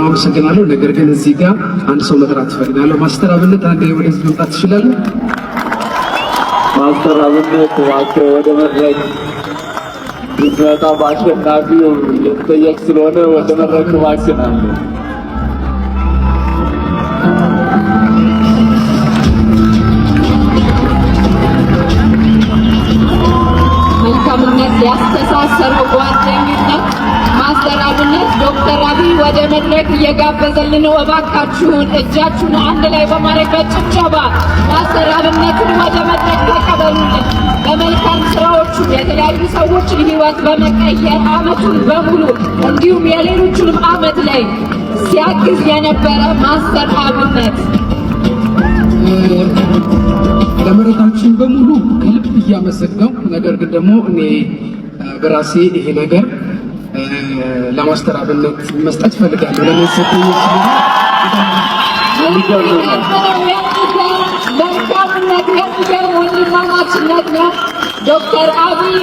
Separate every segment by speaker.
Speaker 1: በጣም አመሰግናለሁ። ነገር ግን እዚህ ጋር አንድ ሰው መጥራት እፈልጋለሁ። ማስተር አብነት አንድ ወደ ህዝብ መምጣት ትችላለ? ማስተር አብነት እባክህ ወደ መድረክ ብትመጣ በአሸናፊው ልትጠየቅ ስለሆነ ወደ መድረክ እባክህን አለ
Speaker 2: መልካምነት ያስተሳሰረ ጓት ወደ መድረክ እየጋበዘልን ነው። እባካችሁን እጃችሁን አንድ ላይ በማድረግ በጭብጨባ አሰራብነትን ወደ መድረክ ተቀበሉልን። በመልካም ስራዎቹ የተለያዩ ሰዎችን ህይወት
Speaker 1: በመቀየር አመቱን በሙሉ እንዲሁም የሌሎቹንም አመት ላይ ሲያግዝ የነበረ ማስተር አብነት ለመረታችን በሙሉ ከልብ
Speaker 2: እያመሰገንኩ ነገር ግን ደግሞ እኔ በራሴ ይሄ ነገር ለማስተራብነት መስጠት እፈልጋለሁ። ለሚሰጠኝ ወንድማማችነት ነው። ዶክተር አብይ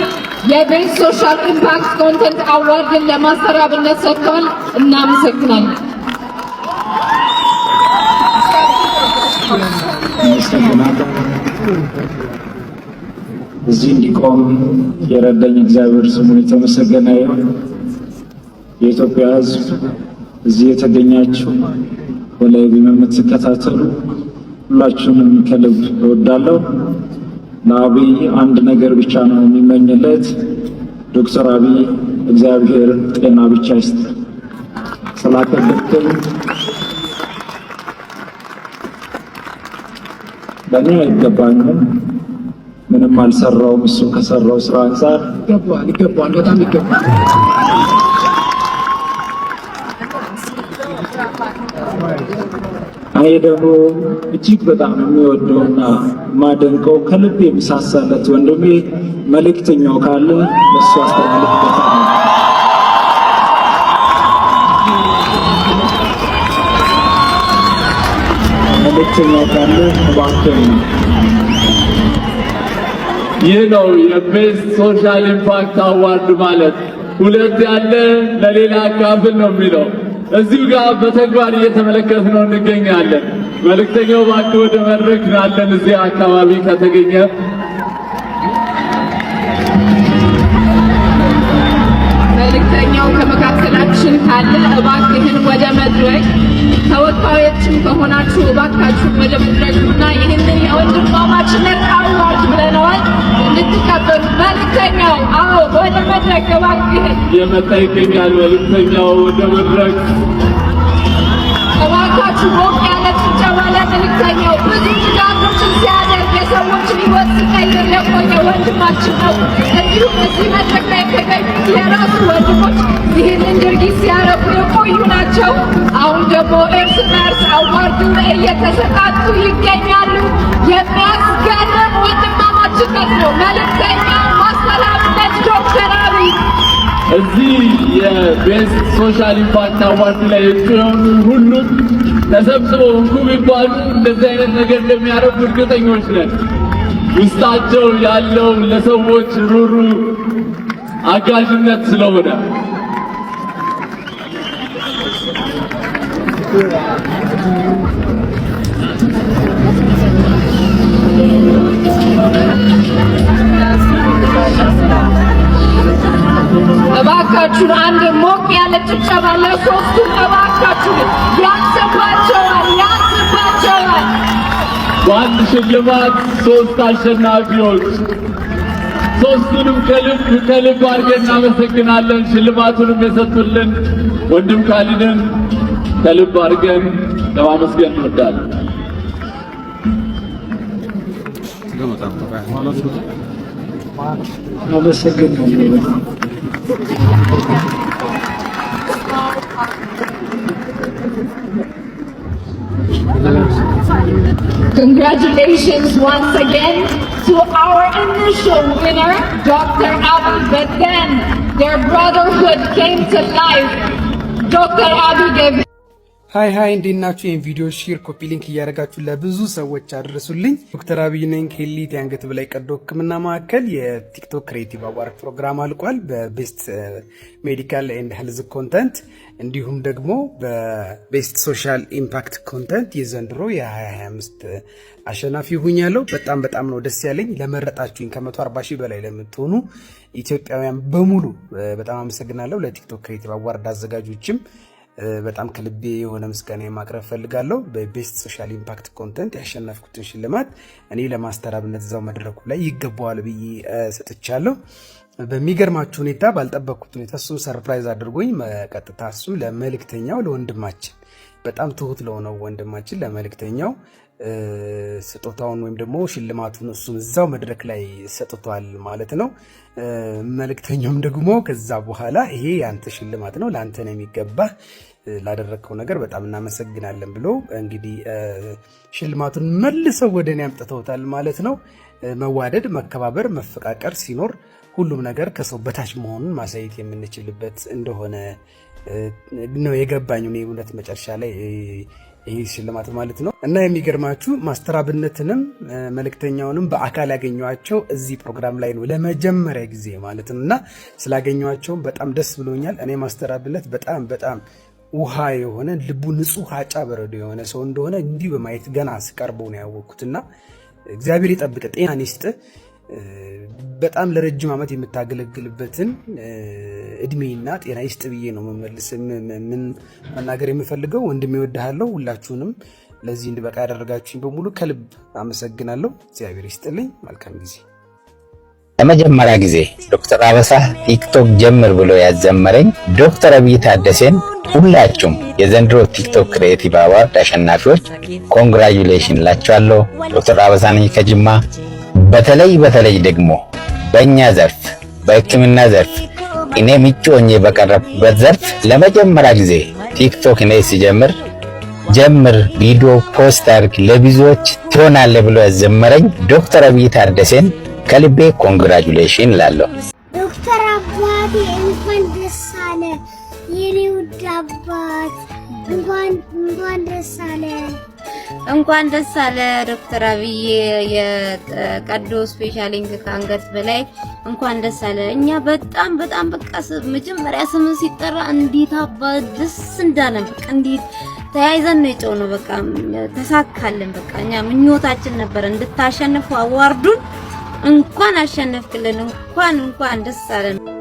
Speaker 2: የቤስት ሶሻል ኢምፓክት ኮንተንት አዋርድን ለማስተራብነት ሰጥቷል። እናመሰግናለን።
Speaker 3: እዚህ እንዲቆም የረዳኝ እግዚአብሔር ስሙ የተመሰገነ ይሁን። የኢትዮጵያ ሕዝብ እዚህ የተገኛችሁ በላይ የምትከታተሉ ሁላችሁንም ከልብ እወዳለሁ። ለአብይ አንድ ነገር ብቻ ነው የሚመኝለት። ዶክተር አብይ እግዚአብሔር ጤና ብቻ ይስጥ። ስላከበድከኝ ለእኔ አይገባኝም። ምንም አልሰራውም። እሱ ከሰራው ስራ
Speaker 1: አንጻር ይገባዋል፣ ይገባዋል፣ በጣም ይገባል።
Speaker 3: አይ ደግሞ እጅግ በጣም የሚወደውና የማደንቀው ከልብ የሚሳሳለት ወንድሜ መልእክተኛው ካለ እሱ አስተላልፍበታል። መልእክተኛው ካለ እባክህ
Speaker 4: ይህ ነው የቤስት ሶሻል ኢምፓክት አዋርድ ማለት። ሁለት ያለ ለሌላ አካፍል ነው የሚለው እዚሁ ጋር በተግባር እየተመለከት ነው እንገኛለን። መልእክተኛው እባክህ ወደ መድረክ ናለን እዚህ አካባቢ ከተገኘ
Speaker 2: መልእክተኛው ከመካከላችን ካለ እባክህን ወደ መድረክ ተወካዮችም ከሆናችሁ እባካችሁ ወደ መድረክ እና ይህንን የወንድማማችነት አዋጅ ብለነዋል። ልትቀበሉ መልእክተኛው አዎ ወደ መድረክ እባክህ
Speaker 4: የመጣ ይገኛል። መልእክተኛው ወደ መድረክ
Speaker 2: እባካችሁ ሞቅ ያለ ጭብጨባ ለመልእክተኛው ብዙ ድጋፎችን ሲያደርግ የሰዎችን ሕይወት ሲቀይር የቆየ ወንድማችን ነው። እንዲሁም እዚህ መድረክ ላይ የተገኙ የራሱ ወንድሞች ይህንን ድርጊት ሲያረጉ የቆዩ ናቸው። አሁን ደግሞ እርስ በርስ አዋርዱ እየተሰጣጡ ይገኛሉ። የሚያስ ጭንቀት ነው። መልእክተኛው ማሰላም ነች ዶክተር አብይ
Speaker 4: እዚህ የቤስት ሶሻል ኢምፓክት አዋርድ ላይ የሆኑ ሁሉም ተሰብስበው እንኩ ቢባሉ እንደዚህ አይነት ነገር እንደሚያደርጉ እርግጠኞች ነን። ውስጣቸው ያለው ለሰዎች ሩሩ አጋዥነት ስለሆነ
Speaker 2: እባካችሁን አንድ ሞቅ ያለ ጭብጨባ ለሶስቱም እባካችሁን። ያስባቸዋል፣ ያስባቸዋል።
Speaker 4: በአንድ ሽልማት ሶስት አሸናፊዎች ሶስቱንም ከልብ ከልብ አድርገን እናመሰግናለን። ሽልማቱንም የሰጡልን ወንድም ካሊድን ከልብ አድርገን ለማመስገን እንወዳለን። አመሰግናለሁ።
Speaker 2: Congratulations once again to our initial winner, Dr. Abu. But then their brotherhood came to life. Dr. Abu gave
Speaker 1: ሀይ ሀይ እንዴት ናችሁ? ይህን ቪዲዮ ሼር፣ ኮፒ ሊንክ እያደረጋችሁ ለብዙ ሰዎች አድርሱልኝ። ዶክተር አብይ ነኝ ከሊት የአንገት በላይ ቀዶ ሕክምና ማዕከል የቲክቶክ ክሬቲቭ አዋርድ ፕሮግራም አልቋል። በቤስት ሜዲካል ኤንድ ሄልዝ ኮንተንት እንዲሁም ደግሞ በቤስት ሶሻል ኢምፓክት ኮንተንት የዘንድሮ የ2025 አሸናፊ ሁኛለሁ። በጣም በጣም ነው ደስ ያለኝ። ለመረጣችሁኝ ከ140 ሺህ በላይ ለምትሆኑ ኢትዮጵያውያን በሙሉ በጣም አመሰግናለሁ። ለቲክቶክ ክሬቲቭ አዋርድ አዘጋጆችም በጣም ከልቤ የሆነ ምስጋና የማቅረብ ፈልጋለሁ። በቤስት ሶሻል ኢምፓክት ኮንተንት ያሸነፍኩትን ሽልማት እኔ ለማስተራብነት እዛው መድረኩ ላይ ይገባዋል ብዬ ሰጥቻለሁ። በሚገርማችሁ ሁኔታ ባልጠበቅኩት ሁኔታ እሱም ሰርፕራይዝ አድርጎኝ ቀጥታ እሱም ለመልእክተኛው ለወንድማችን በጣም ትሁት ለሆነው ወንድማችን ለመልእክተኛው ስጦታውን ወይም ደግሞ ሽልማቱን እሱም እዛው መድረክ ላይ ሰጥቷል ማለት ነው። መልእክተኛውም ደግሞ ከዛ በኋላ ይሄ የአንተ ሽልማት ነው፣ ለአንተ ነው የሚገባህ፣ ላደረግከው ነገር በጣም እናመሰግናለን ብሎ እንግዲህ ሽልማቱን መልሰው ወደ እኔ አምጥተውታል ማለት ነው። መዋደድ፣ መከባበር፣ መፈቃቀር ሲኖር ሁሉም ነገር ከሰው በታች መሆኑን ማሳየት የምንችልበት እንደሆነ ነው የገባኝ እኔ እውነት መጨረሻ ላይ ይህ ሽልማት ማለት ነው እና የሚገርማችሁ ማስተር አብነትንም መልእክተኛውንም በአካል ያገኘኋቸው እዚህ ፕሮግራም ላይ ነው ለመጀመሪያ ጊዜ ማለት ነው እና ስላገኘኋቸውም በጣም ደስ ብሎኛል። እኔ ማስተር አብነት በጣም በጣም ውሃ የሆነ ልቡ ንጹህ አጫ በረዶ የሆነ ሰው እንደሆነ እንዲህ በማየት ገና ስቀርበው ነው ያወቅኩትና እግዚአብሔር የጠብቀ ጤና ይስጥ። በጣም ለረጅም ዓመት የምታገለግልበትን እድሜና ጤና ይስጥ ብዬ ነው መመልስ ምን መናገር የምፈልገው። ወንድም ይወድሃለሁ። ሁላችሁንም ለዚህ እንድበቃ ያደረጋችሁኝ በሙሉ ከልብ አመሰግናለሁ። እግዚአብሔር ይስጥልኝ። መልካም ጊዜ። ለመጀመሪያ ጊዜ ዶክተር አበሳ ቲክቶክ ጀምር ብሎ ያዘመረኝ ዶክተር አብይ ታደሴን ሁላችሁም የዘንድሮ ቲክቶክ ክሬቲቭ አዋርድ አሸናፊዎች ኮንግራጁሌሽን ላችኋለሁ። ዶክተር አበሳ ነኝ ከጅማ በተለይ በተለይ ደግሞ በእኛ ዘርፍ በህክምና ዘርፍ እኔ ምጭ ሆኜ በቀረብኩበት ዘርፍ ለመጀመሪያ ጊዜ ቲክቶክ እኔ ሲጀምር ጀምር ቪዲዮ ፖስት አድርግ ለብዙዎች ትሆናለህ ብሎ ያዘመረኝ ዶክተር አብይ ታደሰን ከልቤ ኮንግራጁሌሽን ላለሁ።
Speaker 5: ዶክተር አባቴ እንኳን ደስ አለ የኔ ውድ አባት፣ እንኳን እንኳን ደስ አለ።
Speaker 6: እንኳን ደስ አለ ዶክተር አብይ የቀዶ ስፔሻሊንግ ከአንገት በላይ እንኳን ደስ አለ። እኛ በጣም በጣም በቃ መጀመሪያ ስምን ሲጠራ እንዴት አባ ደስ እንዳለን በቃ እንዴት ተያይዘን ነው የጨው ነው በቃ ተሳካልን። በቃ እኛ ምኞታችን ነበር እንድታሸንፉ አዋርዱን። እንኳን አሸነፍክልን፣ እንኳን እንኳን ደስ አለን።